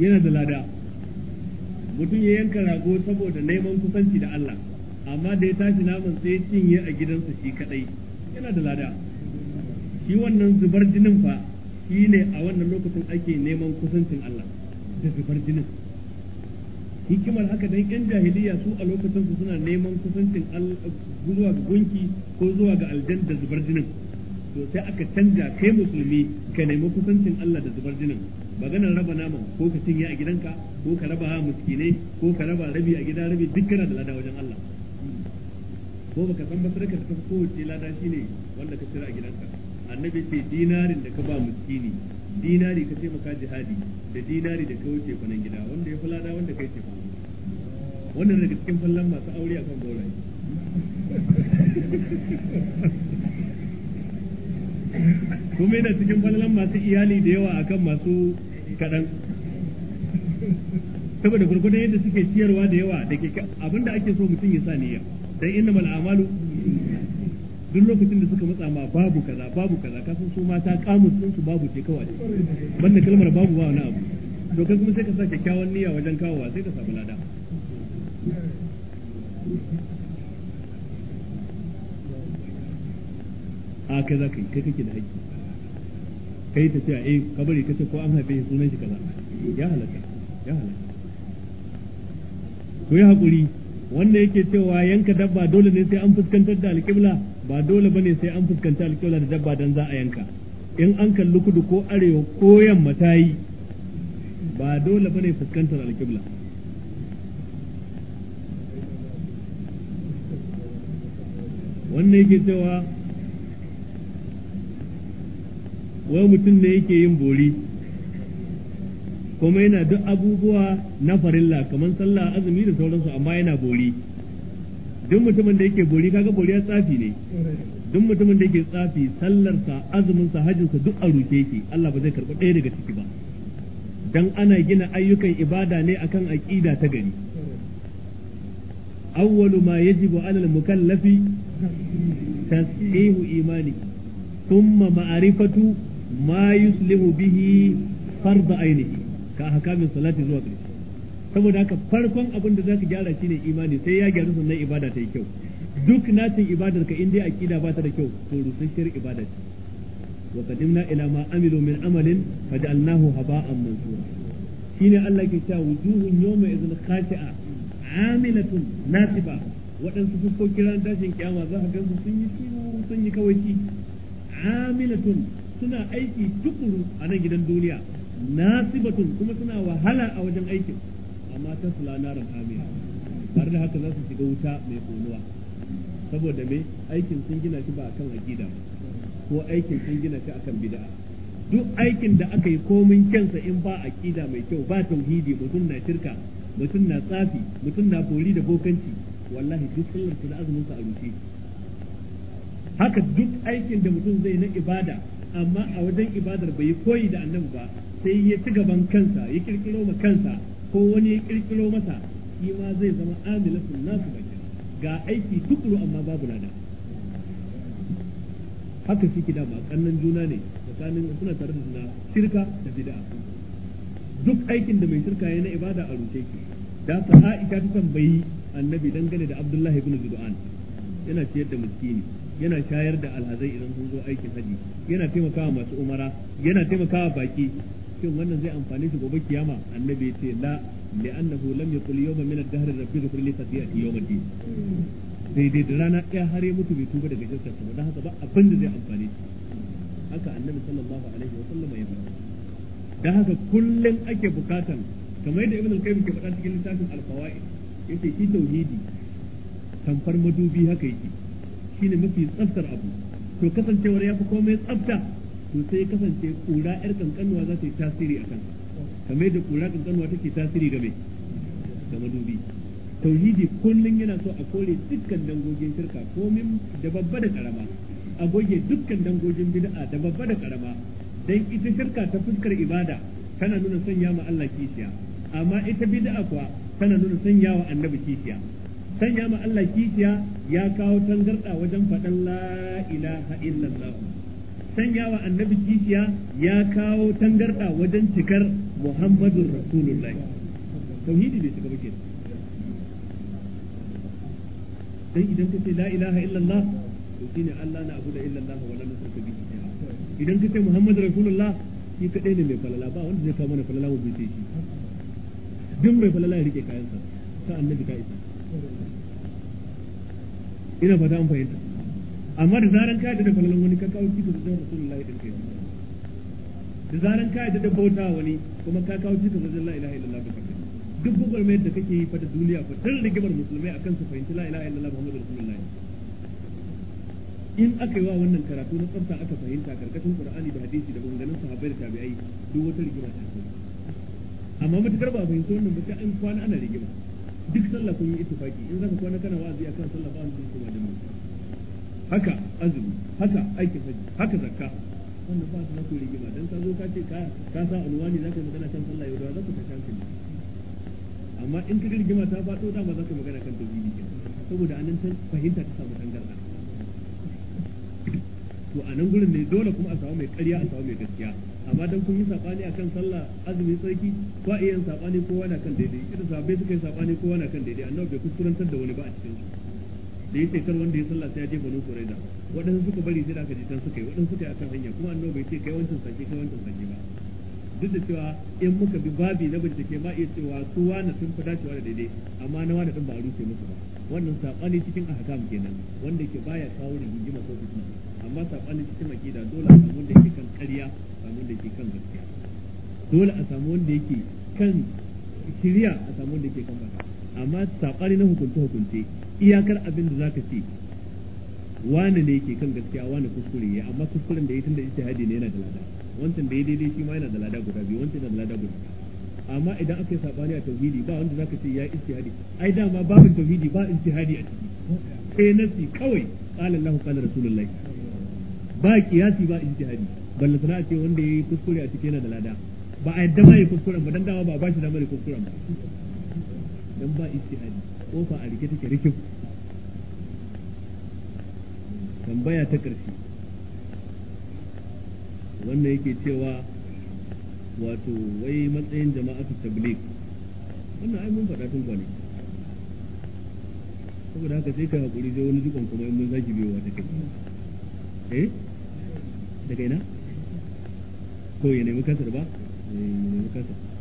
yana da lada mutum ya yanka rago saboda neman kusanci da Allah amma da ya tashi naman sai cinye a gidansa shi kadai yana da lada shi wannan zubar jinin fa shi ne a wannan lokacin ake neman kusancin Allah da zubar jinin hikimar haka dan yan jahiliya su a lokacin su suna neman kusancin zuwa ga gunki ko zuwa ga aljan da zubar jinin to sai aka canja kai musulmi ka nemi kusancin Allah da zubar jinin maganar raba nama ko ka cinye a gidanka ko ka raba ha muskine ko ka raba rabi a gida rabi duk kana da lada wajen Allah ko baka san ba sadaka ta kowace lada shine wanda ka tsira a gidanka annabi ce dinarin da ka ba muskini dinari ka taimaka jihadi da dinari da ka wuce kwanan gida wanda ya fulada wanda kai ce wannan daga cikin fallan masu aure akan gaurayi kuma yana cikin falalan masu iyali da yawa akan masu kaɗan saboda gurgurdan yadda suke ciyarwa da yawa da ke abinda ake so mutum ya sa niyya dan mal a'malu duk lokacin da suka matsa ma babu kaza babu kaza kafin su mata kamus din su babu ce kawai banda kalmar babu ba wani abu to kai kuma sai ka sa kyakkyawan niyya wajen kawowa sai ka samu lada a kai za ka yi kai kake da haƙƙi kai ta ce a eh kabari kace ko an haife shi sunan shi kaza ya halaka ya halaka ku yi haƙuri wanda yake cewa yanka dabba dole ne sai an fuskantar da alƙibla ba dole bane sai an fuskanta alƙibla da dabba dan za a yanka in an kalli kudu ko arewa ko yamma ta yi ba dole bane fuskantar alƙibla wannan yake cewa wai mutum ne yake yin bori kuma yana duk abubuwa na farilla kamar sallah azumi da sauransu amma yana bori duk mutumin da yake bori kaga bori ya tsafi ne duk mutumin da yake tsafi sallarsa azuminsa hajjinsa duk a rufe yake Allah ba zai karɓi ɗaya daga ciki ba dan ana gina ayyukan ibada ne akan aqida ta gari awwalu ma yajibu ala al-mukallafi tashihu imani thumma ma'rifatu ma yuslihu bihi farda ainihi ka hakamin salati zuwa saboda haka farkon abin da zaka gyara shine imani sai ya gyara sannan ibada ta kyau duk nacin ibadar ka indai akida ba ta da kyau to rusasshiyar ibada ce wa qadimna ila ma amilu min amalin faj'alnahu haba'an mansura shine Allah ke cewa wujuhun yawma idhin khashi'a amilatun nasiba waɗansu ko kiran tashin kiyama za ka gansu sun yi shiru sun yi kawai amilatun suna aiki tukuru a nan gidan duniya nasibatun kuma suna wahala a wajen aikin amma ta sula naran amiya tare da haka za su shiga wuta mai konuwa saboda mai aikin sun gina shi ba akan aqida ko aikin sun gina shi akan bid'a duk aikin da aka yi komin kyansa in ba aqida mai kyau ba tauhidi mutum na shirka mutum na tsafi mutum na bori da bokanci wallahi duk sallar da azumin sa a rufe haka duk aikin da mutum zai na ibada amma a wajen ibadar bai yi koyi da annabi ba sai ya ci gaban kansa ya kirkiro ma kansa ko wani ya kirkiro masa shi ma zai zama amilatun nasu bakin ga aiki tukuru amma babu lada haka ki da kannan juna ne tsakanin suna tare da suna shirka da bid'a duk aikin da mai shirka ya na ibada a ruce ki da sa'a ita ta tambayi annabi dangane da Abdullahi ibn Zubair yana ciyar da miskini yana shayar da alhazai idan sun zo aikin haji yana taimakawa masu umara yana taimakawa baki shin wannan zai amfani shi gobe kiyama annabi ya ce la li'annahu lam yaqul yawma min ad-dahr rabbi ghfir li khati'ati yawm ad-din sai dai da rana ɗaya har ya mutu bai tuba daga shirkarsa ba don haka ba abin da zai amfani shi haka annabi sallallahu alaihi wa sallam ya faɗa don haka kullum ake bukatan kamar yadda ibn al-qayyim ke faɗa cikin littafin al-fawaid yace shi tauhidi tamfar madubi haka yake shine mafi tsaftar abu to kasancewar ya fi komai tsafta to sai kasance kura yar kankanuwa za ta yi tasiri a kansa kamar da kura kankanuwa take tasiri ga mai ga madubi tauhidi kullum yana so a kore dukkan dangogin shirka komin da babba da karama a goge dukkan dangogin bid'a da babba da karama dan ita shirka ta fuskar ibada tana nuna sanya ma Allah kishiya amma ita bid'a kuwa tana nuna sanya wa annabi kishiya sanya ma Allah kishiya ya kawo tangarda wajen faɗan la ilaha illallah sanya wa annabi kishiya ya kawo tangarda wajen cikar muhammadun rasulullahi tauhidi bai shiga bakin dan idan ka ce la ilaha illallah to shine Allah na abuda illallah wa la nusrika bihi idan ka ce muhammadun rasulullah shi kadai ne mai falala ba wanda zai kawo mana falala mu bai shi duk mai falala ya rike kayansa sa ta annabi ka isa ina ba an fahimta amma da zaran ka yadda da falalan wani ka kawo cikin wajen rasulullahi din kai da zaran ka yadda da bauta wani kuma ka kawo cikin wajen la ilaha illallah ka kai duk mai da kake yi fata duniya ko tun rigimar musulmai akan su fahimci la ilaha illallah muhammadu rasulullahi in aka yi wa wannan karatu na tsafta aka fahimta karkashin qur'ani da hadisi da maganganun sahabbai da tabi'ai duk wata rigima ta amma matukar ba fahimta wannan ba sai an kwana ana rigima duk sallah kun yi ittifaki in zaka kwana kana wa'azi akan sallah ba an zai da dan haka azumi haka aiki haji haka zakka wannan ba su ku rigima dan ka zo ka ce ka ka sa alwani zaka yi magana kan sallah yau da zaka ta kanka amma in ka rigima ta faɗo dama zaka magana kan tauhidi saboda anan fahimta ta samu dangarda to a nan gurin ne dole kuma a samu mai ƙarya a samu mai gaskiya amma dan kun yi sabani akan sallah azumi tsarki a iya yin sabani ko wani kan daidai irin sahabbai suka yi sabani ko wani kan daidai annabi bai kuskurantar da wani ba a cikin su da yace kar wanda ya sallah sai ya je banu da waɗansu suka bari sai da aka ji can suka yi waɗansu suka yi akan hanya kuma annabi bai ce kai wancan sake kai wancan sake ba duk da cewa in muka bi babi na bincike ma iya cewa su wani sun fi dacewa da daidai amma na wani sun ba a rufe musu ba wannan saɓani cikin ahkam kenan wanda ke baya kawo da rigima ko fitina amma saɓani cikin aqida dole a samu wanda yake kan ƙarya samu wanda yake kan gaskiya dole a samu wanda yake kan shirya a samu wanda yake kan bata amma saɓani na hukunce hukunce iyakar abin da zaka ce wani ne yake kan gaskiya wani kuskure ya amma kuskuren da ya tun da ita hadi ne yana da lada wancan da ya daidai shi ma yana da lada guda biyu wancan da lada guda amma idan aka yi sabani a tauhidi ba wanda zaka ce ya ijtihadi ai dama babin tauhidi ba ijtihadi a ciki sai nasi kawai qala Allahu qala rasulullahi ba kiyasi ba ijtihadi balle sana ce wanda yayi kuskure a cikin yana da lada ba a yadda ma yayi kuskure ba dan dama ba ba shi mai kuskure ba dan ba ijtihadi kofa a rike take rike tambaya ta karshe wannan yake cewa wato wai matsayin jama'atu tabligh wannan ai mun faɗa tun kwanaki saboda haka sai ka hakuri zai wani zukon kuma in mun zaki biyo wata kai eh daga ina ko ya nemi kasar ba eh, ya nemi kasar